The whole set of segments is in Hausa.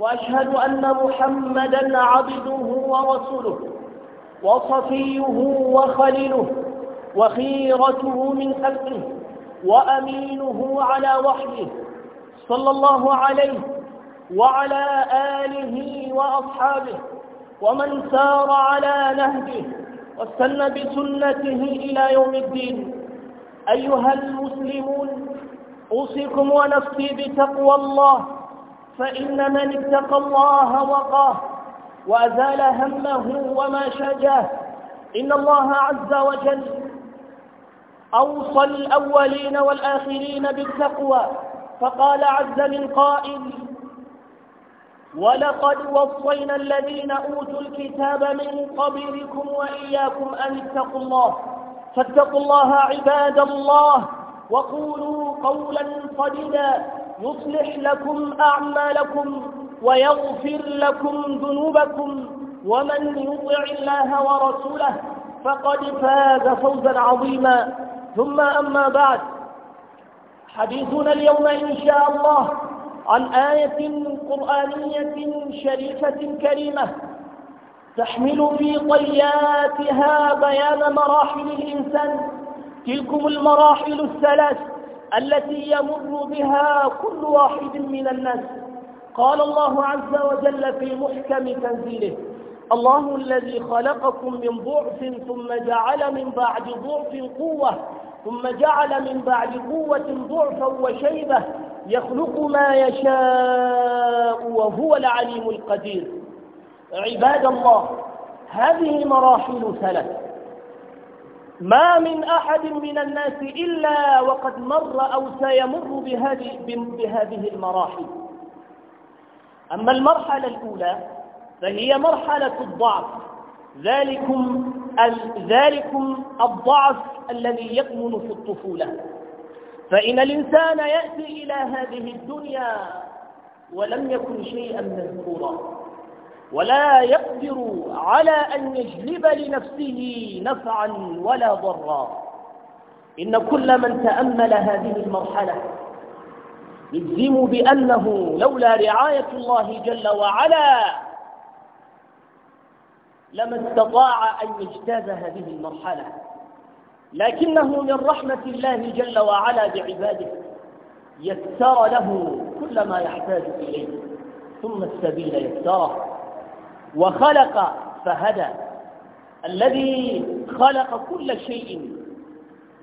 وأشهد أن محمدا عبده ورسوله وصفيه وخليله وخيرته من خلقه وأمينه على وحيه صلى الله عليه وعلى آله وأصحابه ومن سار على نهجه واستنى بسنته إلى يوم الدين أيها المسلمون أوصيكم ونفسي بتقوى الله فإن من اتقى الله وقاه وأزال همه وما شجاه إن الله عز وجل أوصى الأولين والآخرين بالتقوى فقال عز من قائل ولقد وصينا الذين أوتوا الكتاب من قبلكم وإياكم أن اتقوا الله فاتقوا الله عباد الله وقولوا قولا صديدا يصلح لكم أعمالكم ويغفر لكم ذنوبكم ومن يطع الله ورسوله فقد فاز فوزا عظيما ثم أما بعد حديثنا اليوم إن شاء الله عن آية قرآنية شريفة كريمة تحمل في طياتها بيان مراحل الإنسان تلكم المراحل الثلاث التي يمر بها كل واحد من الناس قال الله عز وجل في محكم تنزيله الله الذي خلقكم من ضعف ثم جعل من بعد ضعف قوة ثم جعل من بعد قوة ضعفا وشيبة يخلق ما يشاء وهو العليم القدير عباد الله هذه مراحل ثلاث ما من أحد من الناس إلا وقد مر أو سيمر بهذه, بهذه المراحل أما المرحلة الأولى فهي مرحلة الضعف ذلكم ذلكم الضعف الذي يكمن في الطفولة فإن الإنسان يأتي إلى هذه الدنيا ولم يكن شيئا مذكورا ولا يقدر على أن يجلب لنفسه نفعا ولا ضرا إن كل من تأمل هذه المرحلة يجزم بأنه لولا رعاية الله جل وعلا لما استطاع أن يجتاز هذه المرحلة لكنه من رحمة الله جل وعلا بعباده يسر له كل ما يحتاج إليه ثم السبيل يسره وخلق فهدى الذي خلق كل شيء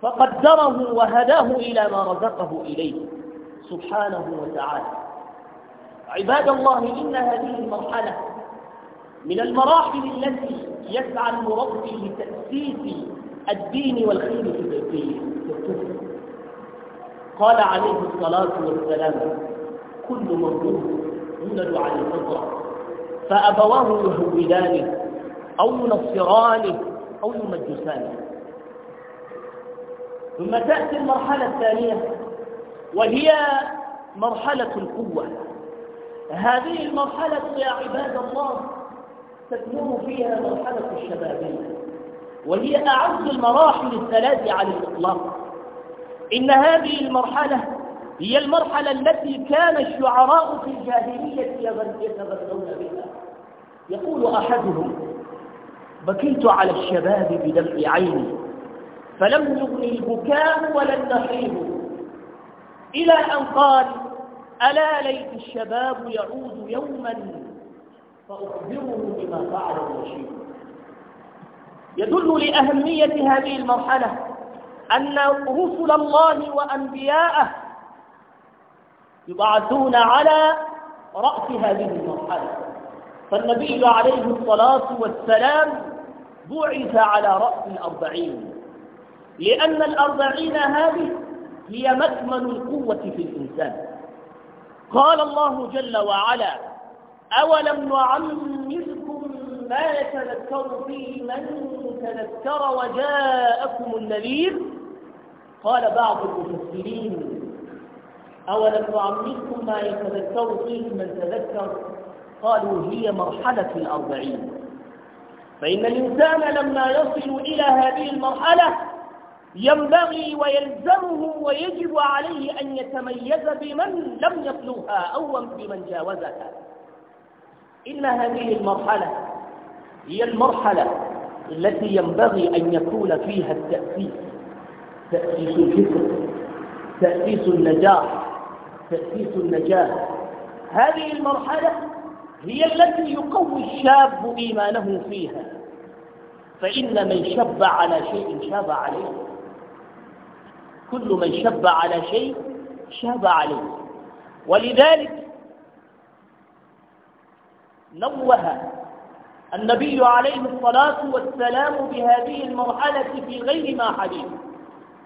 فقدره وهداه إلى ما رزقه إليه سبحانه وتعالى عباد الله إن هذه المرحلة من المراحل التي يسعى المربي لتأسيس الدين والخير في الطفل قال عليه الصلاة والسلام كل مربوط يولد على الفطرة فأبواه يهودانه أو ينصرانه أو يمجسانه ثم تأتي المرحلة الثانية وهي مرحلة القوة هذه المرحلة يا عباد الله تكمن فيها مرحلة الشبابية وهي أعز المراحل الثلاث على الإطلاق إن هذه المرحلة هي المرحلة التي كان الشعراء في الجاهلية يتغذون بها يقول أحدهم بكيت على الشباب بدمع عيني فلم يغني البكاء ولا النحيب إلى أن قال ألا ليت الشباب يعود يوما فأخبره بما فعل الرشيد يدل لأهمية هذه المرحلة أن رسل الله وأنبياءه يبعثون على رأس هذه المرحلة فالنبي عليه الصلاة والسلام بعث على رأس الأربعين لأن الأربعين هذه هي مكمن القوة في الإنسان قال الله جل وعلا أولم نعمركم ما يتذكر فيه من تذكر وجاءكم النذير قال بعض المفسرين أولم نعمركم ما يتذكر فيه من تذكر قالوا هي مرحلة الأربعين فإن الإنسان لما يصل إلى هذه المرحلة ينبغي ويلزمه ويجب عليه أن يتميز بمن لم يطلوها أو بمن جاوزها إن هذه المرحلة هي المرحلة التي ينبغي أن يكون فيها التأسيس تأسيس الفكر تأسيس النجاح تأسيس النجاة هذه المرحلة هي التي يقوي الشاب إيمانه فيها فإن من شب على شيء شاب عليه كل من شب على شيء شاب عليه ولذلك نوه النبي عليه الصلاة والسلام بهذه المرحلة في غير ما حديث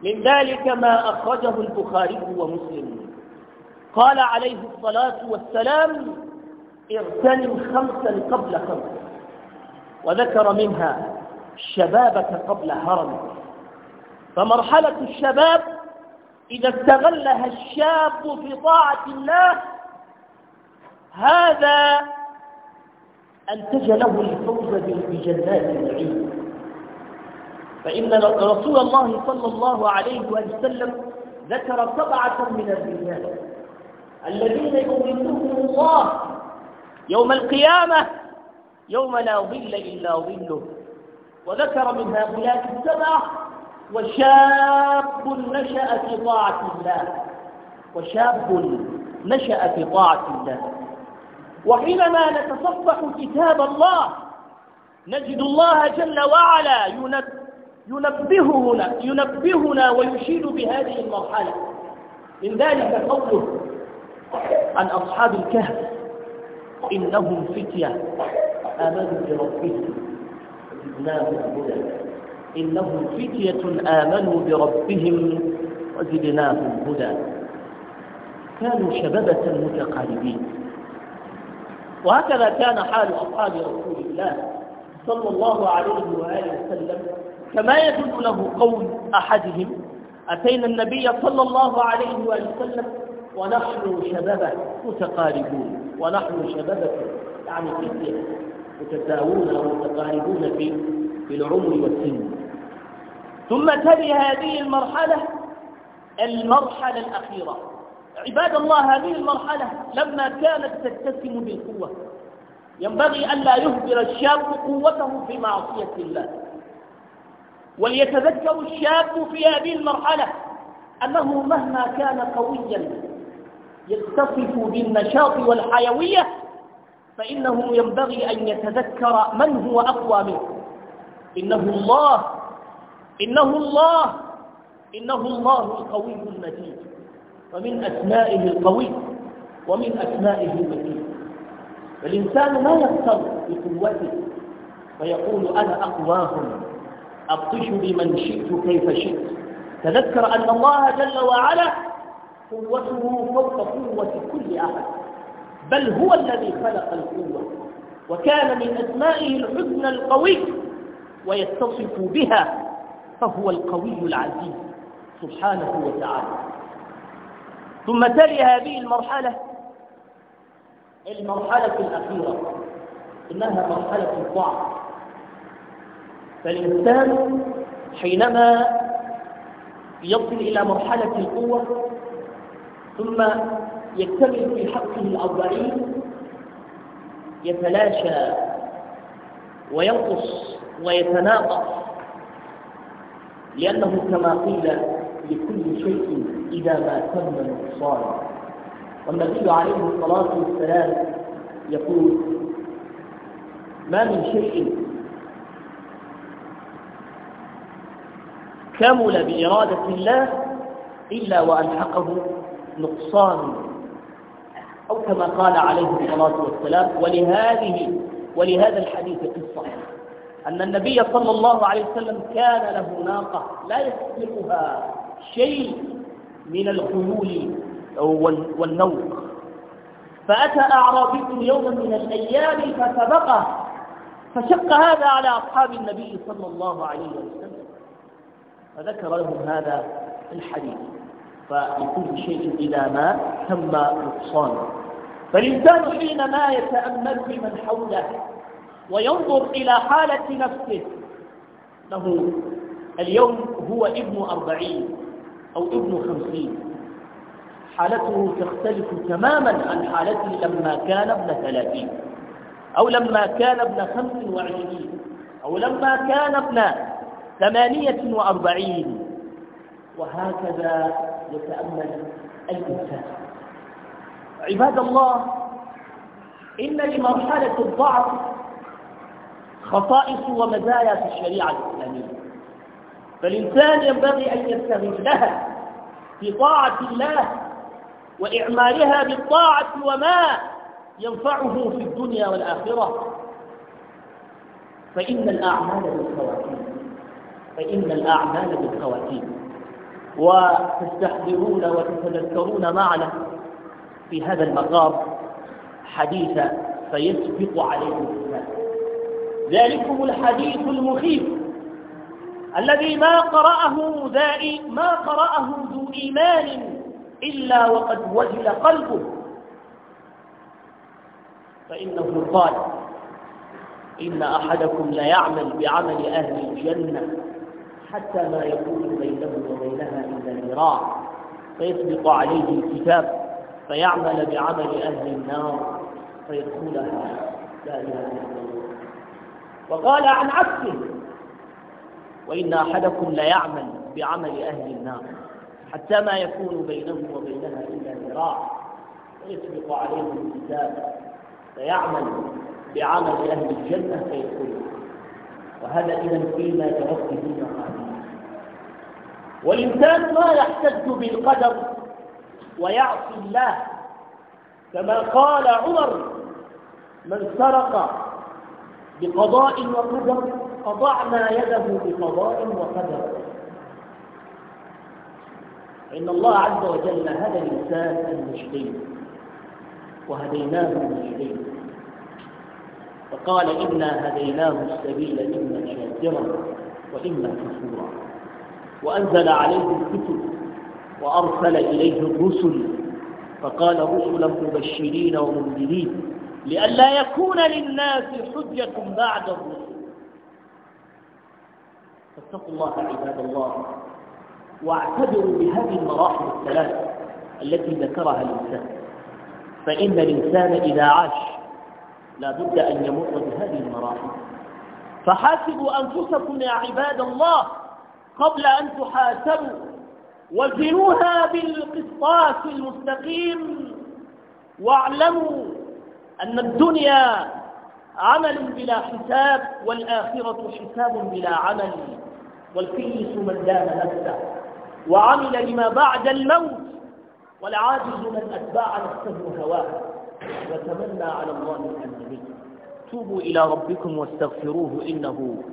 من ذلك ما أخرجه البخاري ومسلم قال عليه الصلاة والسلام اغتنم خمسا قبل خمس وذكر منها شبابك قبل هرمك فمرحلة الشباب إذا استغلها الشاب في طاعة الله هذا أنتج له الفوز بجنات النعيم فإن رسول الله صلى الله عليه وسلم ذكر سبعة من الرجال الذين يورثهم الله يوم القيامة يوم لا ظل إلا ظله وذكر من هؤلاء السبعة وشاب نشأ في طاعة الله وشاب نشأ في طاعة الله وحينما نتصفح كتاب الله نجد الله جل وعلا ينبهنا, ينبهنا ويشيد بهذه المرحلة من ذلك قوله عن أصحاب الكهف إنهم فتية آمنوا بربهم وزدناهم هدى إنهم فتية آمنوا بربهم وزدناهم هدى كانوا شبابة متقاربين وهكذا كان حال أصحاب رسول الله صلى الله عليه وآله وسلم كما يدل له قول أحدهم أتينا النبي صلى الله عليه وآله وسلم ونحن شبابة متقاربون ونحن شبابة يعني فتية متساوون ومتقاربون في في العمر والسن ثم تلي هذه المرحلة المرحلة الأخيرة عباد الله هذه المرحلة لما كانت تتسم بالقوة ينبغي ألا يهدر الشاب قوته في معصية الله وليتذكر الشاب في هذه المرحلة أنه مهما كان قويا يتصف بالنشاط والحيوية فإنه ينبغي أن يتذكر من هو أقوى منه إنه الله إنه الله إنه الله القوي المتين ومن أسمائه القوي ومن أسمائه المتين فالإنسان لا يغتر بقوته فيقول أنا أقواهم أبطش بمن شئت كيف شئت تذكر أن الله جل وعلا قوته فوق قوة كل أحد بل هو الذي خلق القوة وكان من أسمائه الحسنى القوي ويتصف بها فهو القوي العزيز سبحانه وتعالى ثم تلي هذه المرحلة المرحلة الأخيرة إنها مرحلة الضعف فالإنسان حينما يصل إلى مرحلة القوة ثم يكتمل في حقه الأربعين يتلاشى وينقص ويتناقص لأنه كما قيل لكل شيء إذا ما تم نقصان والنبي عليه الصلاة والسلام يقول ما من شيء كمل بإرادة الله إلا وألحقه نقصان أو كما قال عليه الصلاة والسلام ولهذه ولهذا الحديث قصة أن النبي صلى الله عليه وسلم كان له ناقة لا يسبقها شيء من الخيول والنوق فأتى أعرابي يوما من الأيام فسبقه فشق هذا على أصحاب النبي صلى الله عليه وسلم فذكر لهم هذا الحديث فلكل شيء إلى ما تم نقصانه فالإنسان حينما يتأمل من حوله وينظر إلى حالة نفسه انه اليوم هو ابن أربعين أو ابن خمسين حالته تختلف تماما عن حالته لما كان ابن ثلاثين أو لما كان ابن خمس وعشرين أو لما كان ابن ثمانية وأربعين وهكذا يتأمل أي إنسان عباد الله إن لمرحلة الضعف خصائص ومزايا في الشريعة الإسلامية فالإنسان ينبغي أن يستغلها في طاعة الله وإعمالها بالطاعة وما ينفعه في الدنيا والآخرة فإن الأعمال بالخواتيم فإن الأعمال بالخواتيم وتستحضرون وتتذكرون معنا في هذا المقام حديث فيسبق عليكم الإسلام ذلكم الحديث المخيف الذي ما قرأه ذائي ما قرأه ذو إيمان إلا وقد وجل قلبه فإنه قال إن أحدكم ليعمل بعمل أهل الجنة حتى ما يكون بينه وبينها إلا ذراع فيطبق عليه الكتاب فيعمل بعمل أهل النار فيدخلها لا إله إلا الله وقال عن عكسه وإن أحدكم ليعمل بعمل أهل النار حتى ما يكون بينه وبينها إلا ذراع فيسبق عليه الكتاب فيعمل بعمل أهل الجنة فيدخلها وهذا إذا فيما تركت فيه والإنسان لا يحتج بالقدر ويعصي الله كما قال عمر من سرق بقضاء وقدر قطعنا يده بقضاء وقدر إن الله عز وجل هدى الإنسان المشقي وهديناه المشقي فقال إنا هديناه السبيل إما شاكرا وإما كفورا وأنزل عليه الكتب وأرسل إليه الرسل فقال رسلا مبشرين ومنذرين لئلا يكون للناس حجة بعد الرسل فاتقوا الله عباد الله واعتبروا بهذه المراحل الثلاث التي ذكرها الإنسان فإن الإنسان إذا عاش لا بد أن يمر بهذه المراحل فحاسبوا أنفسكم يا عباد الله قبل أن تحاسبوا وزنوها بالقسطاس المستقيم واعلموا أن الدنيا عمل بلا حساب والآخرة حساب بلا عمل والكيس من دام نفسه وعمل لما بعد الموت والعاجز من أتباع نفسه هواه وتمنى على الله الأنبي توبوا إلى ربكم واستغفروه إنه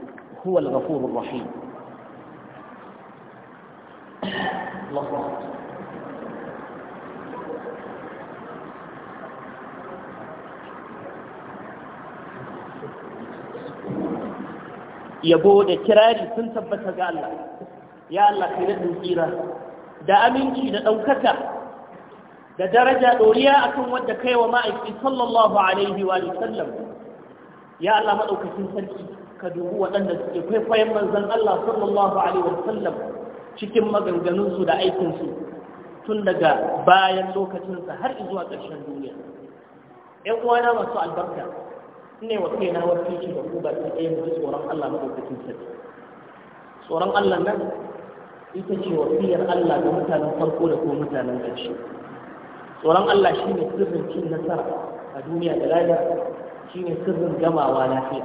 هو الغفور الرحيم الله يا da kirari sun tabbata ga Allah ya Allah kai da tsira da aminci da daukaka da daraja doriya akan wadda kai wa ma'aiki sallallahu alaihi wa sallam ya Allah madaukakin sarki ka dubi waɗanda suke kwaikwayon manzon Allah sallallahu alaihi wa sallam cikin maganganunsu da aikinsu tun daga bayan lokacinsa har zuwa ƙarshen duniya ‘yan uwana masu albarka ne wa kaina wasu ce da ku ba ta ɗaya mutu tsoron Allah maɗaukakin sarki tsoron Allah nan ita ce wasiyar Allah ga mutanen farko da kuma mutanen ƙarshe tsoron Allah shi ne sirrin cin nasara a duniya da lahira shi ne sirrin gamawa lafiya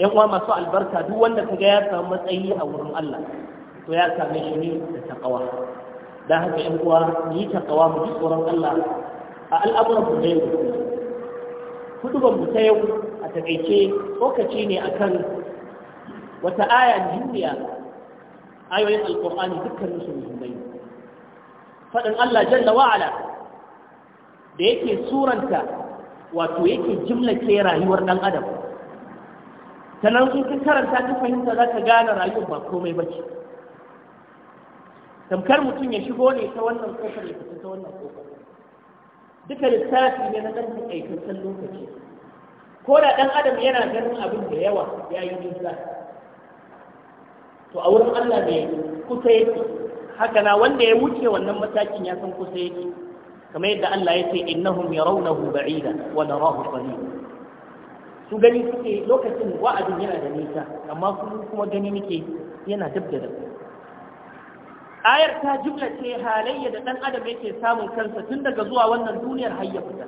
yan uwa masu albarka duk wanda kaga ya samu matsayi a wurin Allah to ya same shi ne da takawa dan haka yan uwa mu yi takawa mu ji tsoron Allah a al'amuran mu ne kudubar mu ta yau a takaice lokaci ne akan wata aya duniya ayoyin alqur'ani dukkan su muhimmai faɗin Allah jalla wa'ala da yake suranta wato yake jimlace rayuwar ɗan adam sannan sun ka karanta ta fahimta za ka gane rayuwar ba komai ba ce tamkar mutum ya shigo ne ta wannan kofar ya fita ta wannan kofar duka lissafi ne na ɗan taƙaitaccen lokaci ko da ɗan adam yana ganin abin da yawa ya yi nisa to a wurin Allah ne kusa yake haka na wanda ya wuce wannan matakin ya san kusa yake kamar yadda Allah ya ce innahum yarawnahu ba'ida wa narahu qareeb su gani suke lokacin wa'adin yana da nisa amma kuma gani nake yana dab da dab ayar ta jumlace halayya da ɗan adam yake samun kansa tun daga zuwa wannan duniyar har ya fita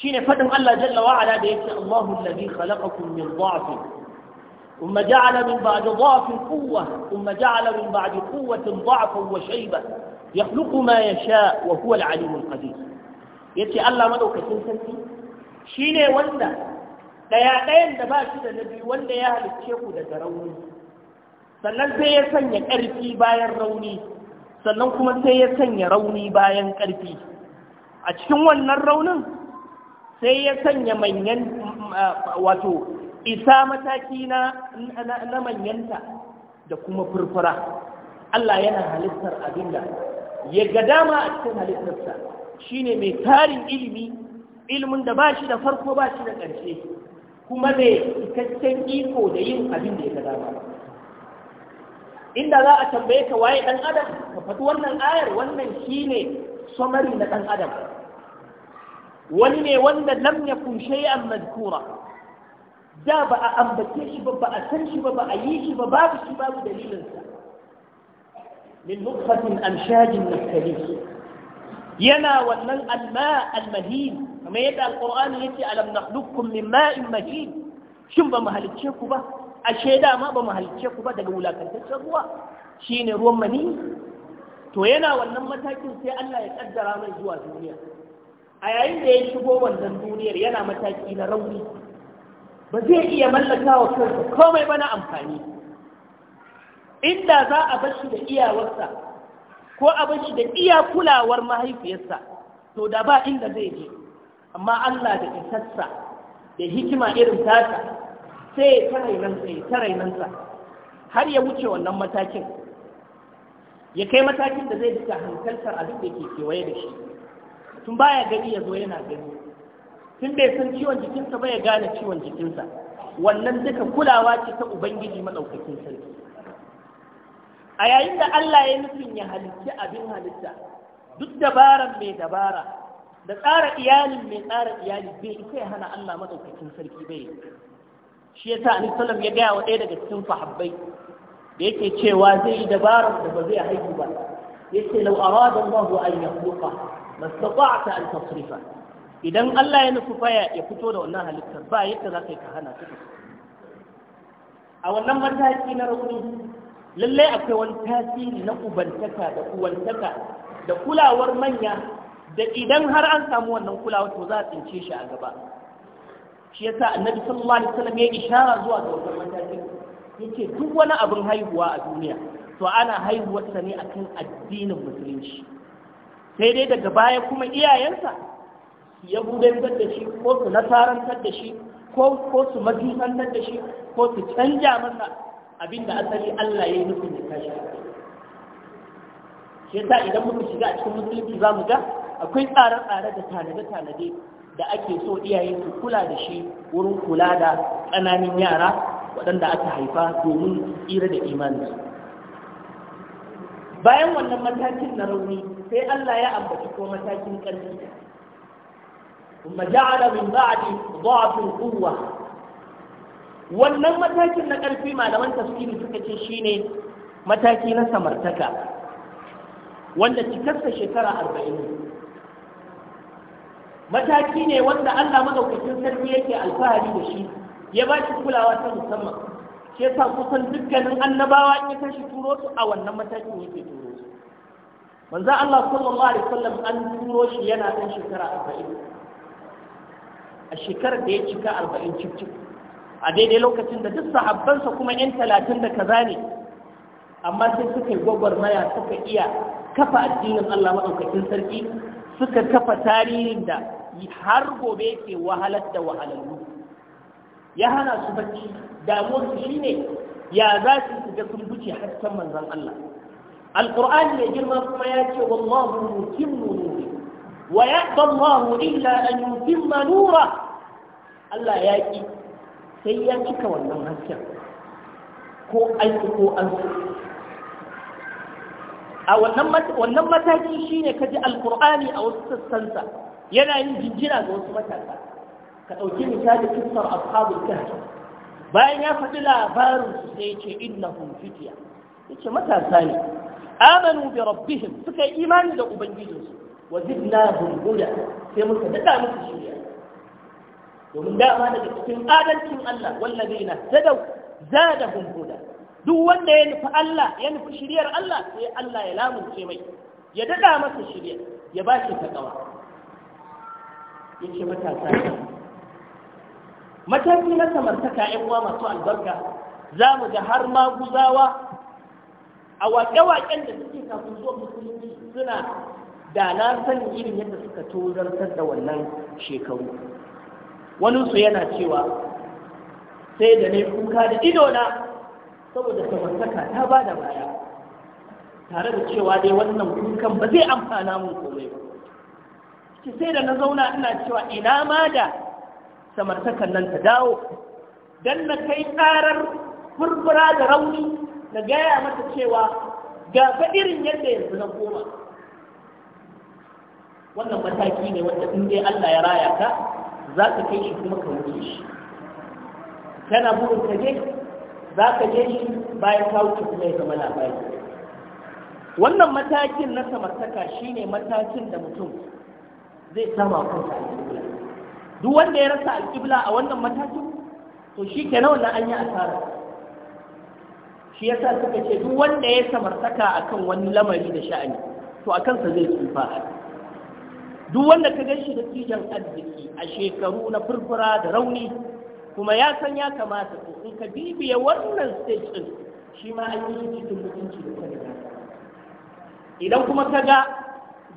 shine fadin Allah jalla wa ala da yake Allahu allazi khalaqakum min dha'fin ثم جعل من بعد ضعف قوة ثم جعل من بعد قوة ضعفا وشيبة يخلق ما يشاء وهو العليم القدير yace Allah madaukakin sarki shine wanda daya da bashi shi da nabi wanda ya halicce ku daga rauni sannan sai ya sanya ƙarfi bayan rauni sannan kuma sai ya sanya rauni bayan ƙarfi a cikin wannan raunin sai ya sanya manyan wato isa mataki na manyanta da kuma furfura Allah yana halittar abinda ya ga dama a cikin halittarsa shine mai tarin ilimi ilimin da ba shi da farko ba shi da ƙarshe kuma mai cikakken iko da yin abin da ya ga dama inda za a tambaye ka waye ɗan adam ka faɗi wannan ayar wannan shine somari na ɗan adam wani ne wanda lam yakun shay'an madkura da ba a ambace shi ba ba a san shi ba ba a yi shi ba babu shi babu dalilinsa min nutfatin amshajin naftali yana wannan alma almahin kamar yadda alqur'ani yace alam nakhluqukum min ma'in mahin shin ba mu halicce ku ba a shaida ma ba mu halicce ku ba daga wulakantaccen ruwa shine ruwan mani to yana wannan matakin sai Allah ya kaddara mai zuwa duniya a yayin da ya shigo wannan duniyar yana mataki na rauni ba zai iya mallaka wa kansa komai ba na amfani inda za a bashi da iyawarsa ko a bashi da iya kulawar mahaifiyarsa to da ba inda zai je amma Allah da isassa da hikima irin tasa sai ya ta, ya sa har ya wuce wannan matakin ya kai matakin da zai duka hankaltar duk da ke kewaye da shi tun baya gani ya zo yana gani tun bai san ciwon jikinsa ba ya gane ciwon jikinsa wannan duka kulawa ce ta ubangiji maɗaukakin sarki a yayin da Allah ya nufin ya halitta abin halitta duk dabaran mai dabara da tsara iyalin mai tsara iyali bai isa ya hana Allah maɗaukakin sarki bai shi yasa Annabi sallam ya gaya wa ɗaya daga cikin fahabbai da yake cewa zai yi dabarar da ba zai haihu ba yake law arada Allah an yakhluqa mastata an tasrifa idan Allah ya nufi faya ya fito da wannan halittar ba yadda za ka yi ka hana su a wannan mataki na rauni lallai akwai wani tasiri na ubantaka da uwantaka da kulawar manya da idan har an samu wannan kulawar to za a tsince shi a gaba shi ya sa annabi sallallahu alaihi wasallam ya ishara zuwa ga wannan mataki yace duk wani abin haihuwa a duniya to ana haihuwarsa ne akan addinin musulunci sai dai daga baya kuma iyayensa yahudantar da shi ko su nasarantar da shi ko su majusantar da shi ko su canja masa abinda asali Allah ya yi nufin ya tashi shi yasa idan muka shiga a cikin musulunci za mu ga akwai tsare-tsare da tanade-tanade da ake so iyaye su kula da shi wurin kula da tsananin yara waɗanda aka haifa domin tsira da imani bayan wannan matakin na rauni sai Allah ya ambaci ko matakin ƙarfi ثم جعل من بعد ضعف القوة wannan matakin na ƙarfi malaman tafsiri suka ce shine mataki na samartaka wanda cikarsa shekara arba'in mataki ne wanda Allah madaukakin sarki yake alfahari da shi ya ba shi kulawa ta musamman shi yasa kusan dukkanin annabawa in ya tashi turo su a wannan matakin yake turo su manzo Allah sallallahu alaihi wasallam an turo shi yana ɗan shekara arba'in a shekarar da ya cika arba'in cikin a daidai lokacin da duk sahabbansa kuma yan talatin da kaza ne amma sai suka yi gwagwarmaya suka iya kafa addinin Allah maɗaukakin sarki suka kafa tarihin da har gobe ke wahalar da wahalallu ya hana su bacci damuwarsu shine ya za su shiga sun buce hasken manzon Allah alƙur'ani ya girma kuma ya ce wallahu mutimmu nuri ويأبى الله إلا أن يتم نوره الله يأتي سيأتيك والله هكذا ko an ko an a wannan mataki shi ne ka ji alkur'ani a wasu sassansa yana yin jinjina ga wasu matasa ka ɗauki misali kisar ashabul kahf bayan ya faɗi labarin su sai ce innahum fitiya yace matasa ne amanu bi rabbihim suka yi imani da ubangijinsu wa zidnahum huda sai muka daɗa musu shirya domin dama daga cikin adalcin Allah na tadaw zadahum huda duk wanda ya nufi Allah ya nufi shiryar Allah sai Allah ya lamunce mai ya daɗa masa shirya ya ba shi takawa yace matasa mataki na samartaka ƴan uwa masu albarka za mu ga har ma guzawa a waƙe-waƙen da suke kafin zuwa musulunci suna da na sani irin yadda suka tozartar da wannan shekaru wani su yana cewa sai da ne kuka da idona saboda samartaka ta ba da baya tare da cewa dai wannan kukan ba zai amfana mun komai ba ki sai da na zauna ina cewa ina ma da samartakan nan ta dawo dan na kai karar furfura da rauni na gaya mata cewa ga irin yadda yanzu na koma wannan mataki ne wanda in dai Allah ya raya ka za ka kai shi kuma ka wuce shi kana burin ka je za ka je shi bayan ka wuce kuma ya zama labari wannan matakin na samartaka shine matakin da mutum zai sama kansa alƙibla duk wanda ya rasa alƙibla a wannan matakin to shi ke na wannan an yi asara shi yasa suka ce duk wanda ya samartaka akan wani lamari da sha'ani to a kansa zai tsufa duk wanda ka gan shi da tijan arziki a shekaru na furfura da rauni kuma ya san ya kamata ko in ka bibiya wannan stage shi ma an yi shi cikin mutunci da kwalita idan kuma ka ga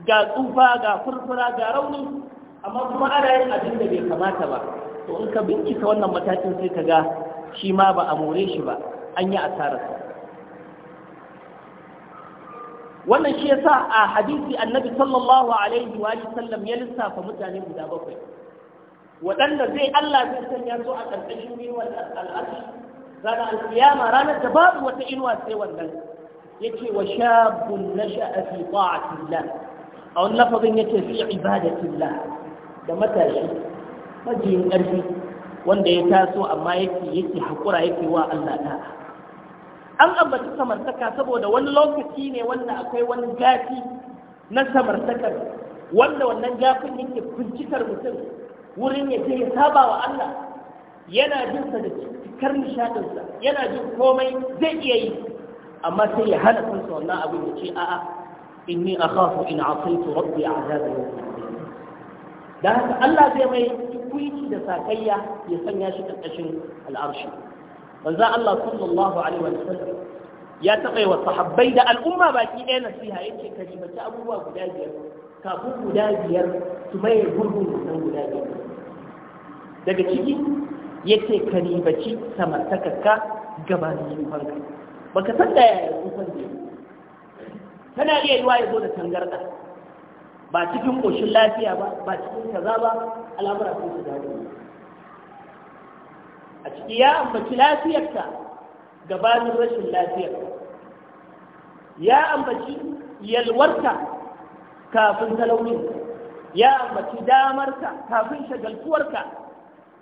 ga tsufa ga furfura ga rauni amma kuma ana yin abin da bai kamata ba to in ka bincika wannan matakin sai ka ga shi ma ba a more shi ba an yi asararsa wannan shi yasa a hadisi annabi sallallahu alaihi wa sallam ya lissafa mutane guda bakwai waɗanda zai Allah zai sanya su a ƙarƙashin gwiwar al'adu ranar alƙiyama ranar da babu wata inuwa sai wannan yake wa shabun nasha'a fi ta'atillah a wani lafazin yake fi ibadatillah da matashi majiyin ƙarfi wanda ya taso amma yake yake haƙura yake wa Allah da'a an ambaci samartaka saboda wani lokaci ne wanda akwai wani gafi na samartakar wanda wannan gafin yake kuncikar mutum wurin ya je ya saba wa Allah yana jin sa da cikar nishadinsa yana jin komai zai iya yi amma sai ya hana kansa wannan abin ya ce a'a inni akhafu in asaitu rabbi azabi da haka Allah zai mai tukuici da sakayya ya sanya shi karkashin al'arshi manzo Allah sallallahu alaihi wa sallam ya taɓa yi wa sahabbai da al'umma baki ɗaya nasiha yake ka ribaci abubuwa guda biyar kafin guda biyar su maye gurbin wannan guda biyar daga ciki yake ka ribaci samartakarka gabanin yufanka baka san da yaya yufan zai tana iya yi wa ya zo da tangarɗa ba cikin ƙoshin lafiya ba ba cikin kaza ba al'amura sun su dawo a ciki ya ambaci lafiyarka gabanin rashin lafiyarka ya ambaci yalwarta kafin talaunin ya ambaci damarka kafin shagaltuwarka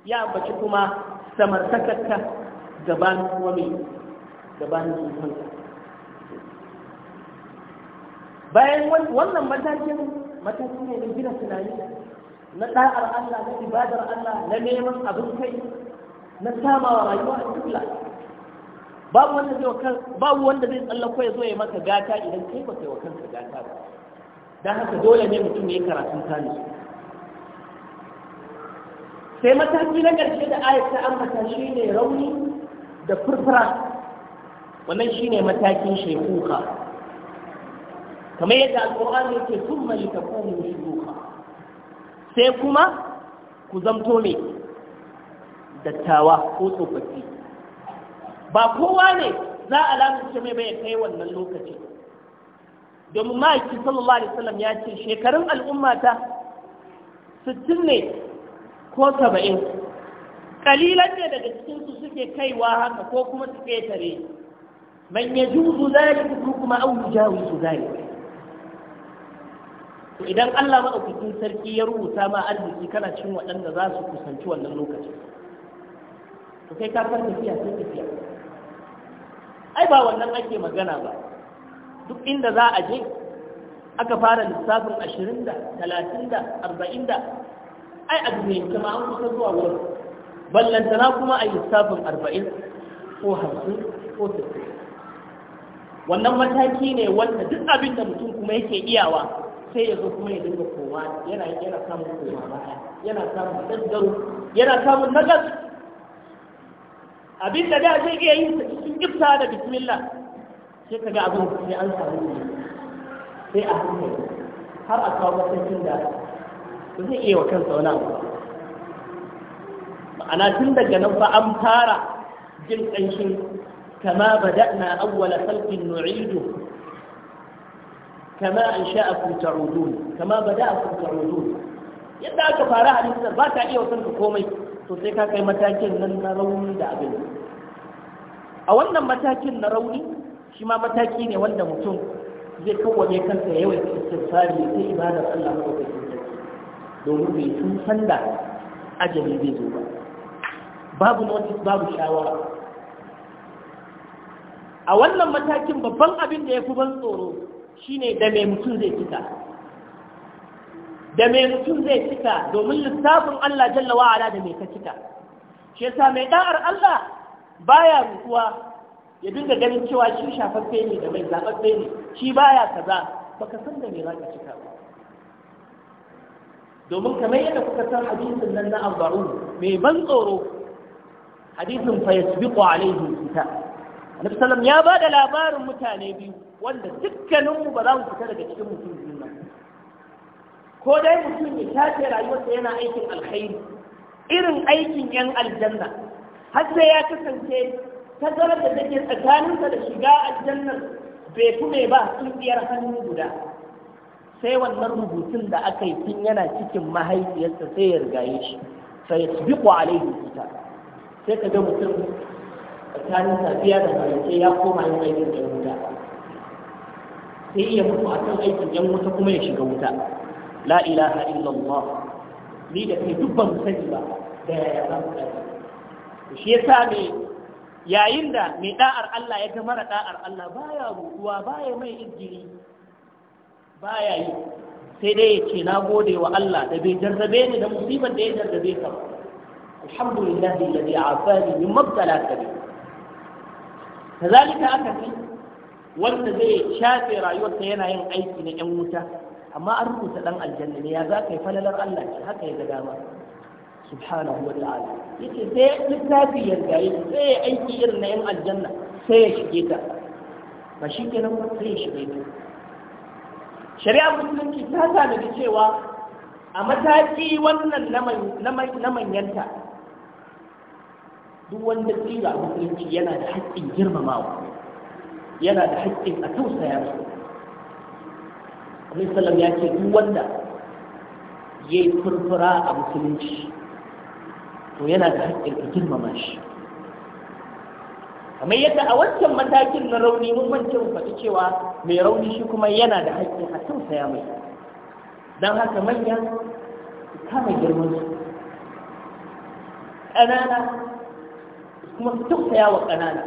ya ambaci kuma samartakarka gabanin kuma mai gabanin tsufanka bayan wannan matakin matakin ne na gina tunani na ɗa'ar Allah na ibadar Allah na neman abin kai na samawa rayuwa a kibla babu wanda zai kan babu wanda zai tsallako ya zo ya maka gata idan kai ba kai wa kanka gata ba dan haka dole ne mutum ya karatun tani sai mataki na ƙarshe da ayat ta ambata shine rauni da furfura wannan shine matakin shekuka kamar yadda alƙur'ani yake summa yi shuruka sai kuma ku zamto mai dattawa ko tsofaffi ba kowa ne za a lamunce mai bai kai wannan lokaci domin ma'aiki sallallahu alaihi wasallam ya ce shekarun al'ummata sittin ne ko saba'in kalilan ne daga cikinsu suke kaiwa haka ko kuma su ƙetare man ya juzu ko kuma au yujawizu zalika idan Allah maɗaukakin sarki ya rubuta ma arziki kana cin waɗanda za su kusanci wannan lokacin to kai ka san tafiya sai tafiya ai ba wannan ake magana ba duk inda za a je aka fara lissafin ashirin da talatin da arba'in da ai a duniya ma an kusa zuwa wurin ballantana kuma a lissafin arba'in ko hamsin ko tafiya. wannan mataki ne wanda duk abin da mutum kuma yake iyawa sai ya zo kuma ya dinga koma yana yana samun koma yana samun daddaro yana samun nagas abin da da zai iya yin cikin gifta da bismillah sai ka ga abin sai an samu ne sai a hankali har a kawo matakin da zai iya wa kansa wani abu ma'ana tun daga nan ba an fara jin ƙanshin kama bada'na awwala khalqin nu'idu kama ba da a بدأكم تعودون yadda aka fara halittar ba ta iya wasan komai to sai ka kai matakin nan na rauni da abin a wannan matakin na rauni shi ma mataki ne wanda mutum zai kowane kansa yawan istifsari ta ibada Allah madaukakin sarki domin bai tun sanda ajali zai zo ba babu notice babu shawara a wannan matakin babban abin da ya fi ban tsoro shine da mai mutum zai fita da mai mutum zai cika domin lissafin Allah jalla wa'ala da mai ka cika shi yasa mai da'ar Allah baya rutuwa ya dinga ganin cewa shi shafaffe ne da mai zababbe ne shi baya kaza baka san da me za ka cika ba domin kamar yadda kuka san hadisin nan na arba'un mai ban tsoro hadisin fa yasbiqu alaihi kitab annabi sallam ya ba da labarin mutane biyu wanda dukkaninmu ba za mu fita daga cikin mutum biyu ko dai mutum ya tace rayuwarsa yana aikin alkhairi irin aikin yan aljanna har sai ya kasance tazarar da take tsakaninsa da shiga aljannar bai kume ba sun biyar hannu guda sai wannan rubutun da aka yi tun yana cikin mahaifiyarsa sai ya riga yi shi sai ya tsibiku alaihi kita sai ka ga mutum tsakanin safiya da maraice ya koma yin aikin yan wuta sai iya mutu a kan aikin yan wuta kuma ya shiga wuta la ilaha illallah ni da ke dubban sani ba da yaya za shi yasa me yayin da mai da'ar Allah ya ga mara da'ar Allah baya rukuwa baya mai izgiri baya yi sai dai ya ce na gode wa Allah da bai jarrabe ni da musibar da ya jarrabe ka ba alhamdulillah alladhi afani min mabtala kabi kazalika aka fi wanda zai shafe rayuwarsa yana yin aiki na yan wuta amma an rubuta dan aljanna ne ya za ka yi falalar Allah ce haka ya ga dama subhanahu wa ta'ala yake sai littafi ya gaye sai ya aiki irin na yan aljanna sai ya shige ta ba shi kenan ba sai ya shige ta shari'a musulunci ta da cewa a mataki wannan na manyanta duk wanda tsira musulunci yana da haƙƙin girmamawa yana da haƙƙin a tausaya masa Alisalam ya ce duk wanda ya yi furfura a musulunci to yana da haƙƙin ka girmama shi kamar yadda a wancan matakin na rauni mun mance mu faɗi cewa mai rauni shi kuma yana da haƙƙin a tausaya mai don haka manya su kama girman su ƙanana kuma su tausaya wa ƙanana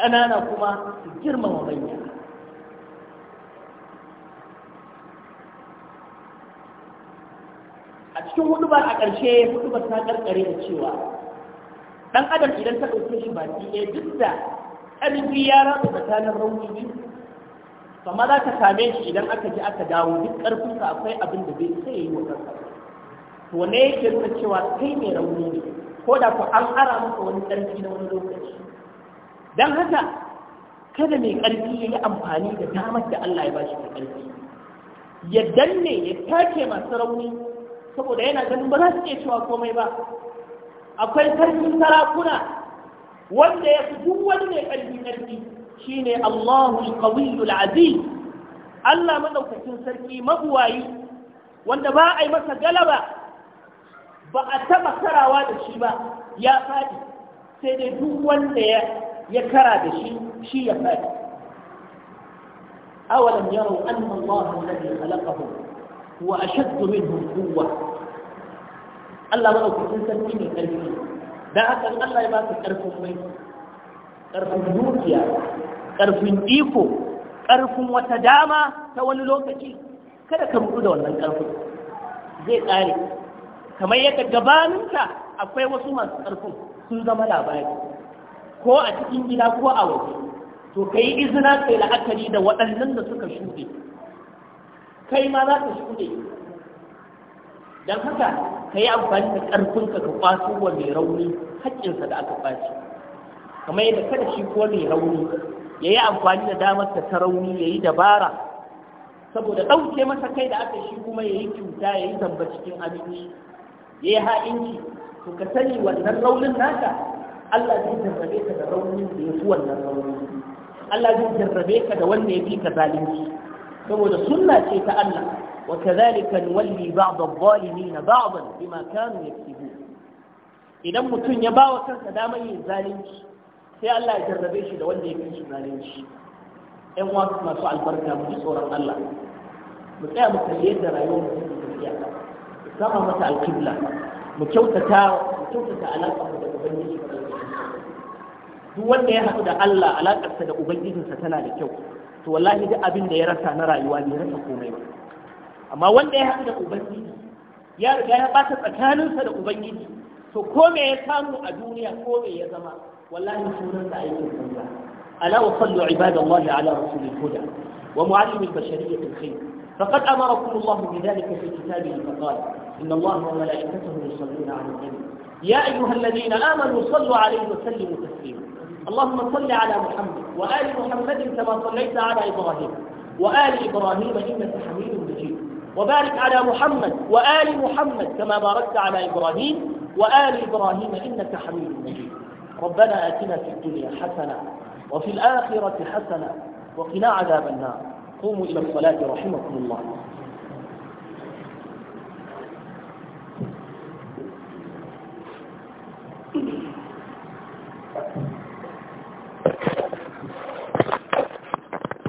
ƙanana kuma su girmama manya cikin huduba a ƙarshe huduba ta ƙarƙare da cewa ɗan adam idan ta ɗauke shi baki ɗaya duk da ƙarfi ya ratsa tsakanin rauni biyu amma za ta same shi idan aka ji aka dawo duk ƙarfinsa akwai abin da bai sai yi wa kansa to wanne yake nuna cewa kai mai rauni ne ko da ku an ƙara maka wani ƙarfi na wani lokaci don haka kada mai ƙarfi ya yi amfani da damar da Allah ya ba shi da ƙarfi ya danne ya take masu rauni saboda yana ganin ba za su iya cewa komai ba akwai sarkin sarakuna wanda ya fi duk wani mai ƙarfi ƙarfi shine Allahu al-qawiyyu aziz Allah madaukakin sarki mabuwayi wanda ba a yi masa galaba ba a taba karawa da shi ba ya faɗi sai dai duk wanda ya kara da shi shi ya faɗi awalam yaro anna Allah alladhi khalaqahum wa ashaddu minhum quwwa Allah madaukakin sarki ne karfi dan haka Allah ya ba su karfin mai karfin dukiya karfin iko karfin wata dama ta wani lokaci kada ka rudu da wannan karfin zai tsare kamar yadda gabaninka akwai wasu masu karfin sun zama labari ko a cikin gida ko a waje to kai izina kai la'akari da waɗannan da suka shuɗe kai ma za ka shuɗe don haka ka yi amfani da ƙarfinka ka kwaso wa mai rauni haƙƙinsa da aka ɓaci kamar yadda kada shi ko mai rauni ya yi amfani da damar ta ta rauni ya yi dabara saboda ɗauke masa kai da aka shi kuma ya yi cuta ya yi zamba cikin abinci ya yi ha'inci to ka sani wannan raunin naka Allah zai jarrabe ka da raunin da ya fi wannan raunin Allah zai jarrabe ka da wanda ya fi ka zalunci saboda sunna ce ta Allah wa kadhalika nuwalli ba'd adh-dhalimin ba'dan bima kanu yaktubu idan mutum ya bawa kansa damar yin zalunci sai Allah ya jarrabe shi da wanda ya fi shi zalunci ƴan uwa masu albarka mu tsoron Allah mu tsaya mu kalli yadda rayuwar mu take tafiya mu sama mata alkibla mu kyautata mu kyautata alaƙar mu da ubangiji duk wanda ya haɗu da Allah alaƙarsa da ubangijinsa tana da kyau to wallahi duk abin da ya rasa na rayuwa bai rasa komai ba amma wanda ya haɗu da ubangiji ya riga ya ɓata tsakaninsa da ubangiji to ko me ya samu a duniya ko me ya zama wallahi sunan sa aikin banza ala wa sallu ibadallahi ala rasulil huda wa muallimil bashariyyati khair فقد أمركم الله بذلك في كتابه فقال إن الله وملائكته يصلون على النبي يا أيها الذين آمنوا صلوا عليه وسلموا تسليما اللهم صل على محمد وآل محمد كما صليت على إبراهيم وآل إبراهيم إنك حميد مجيد وبارك على محمد وآل محمد كما باركت على إبراهيم وآل إبراهيم إنك حميد مجيد ربنا آتنا في الدنيا حسنة وفي الآخرة حسنة وقنا عذاب النار قوموا إلى الصلاة رحمكم الله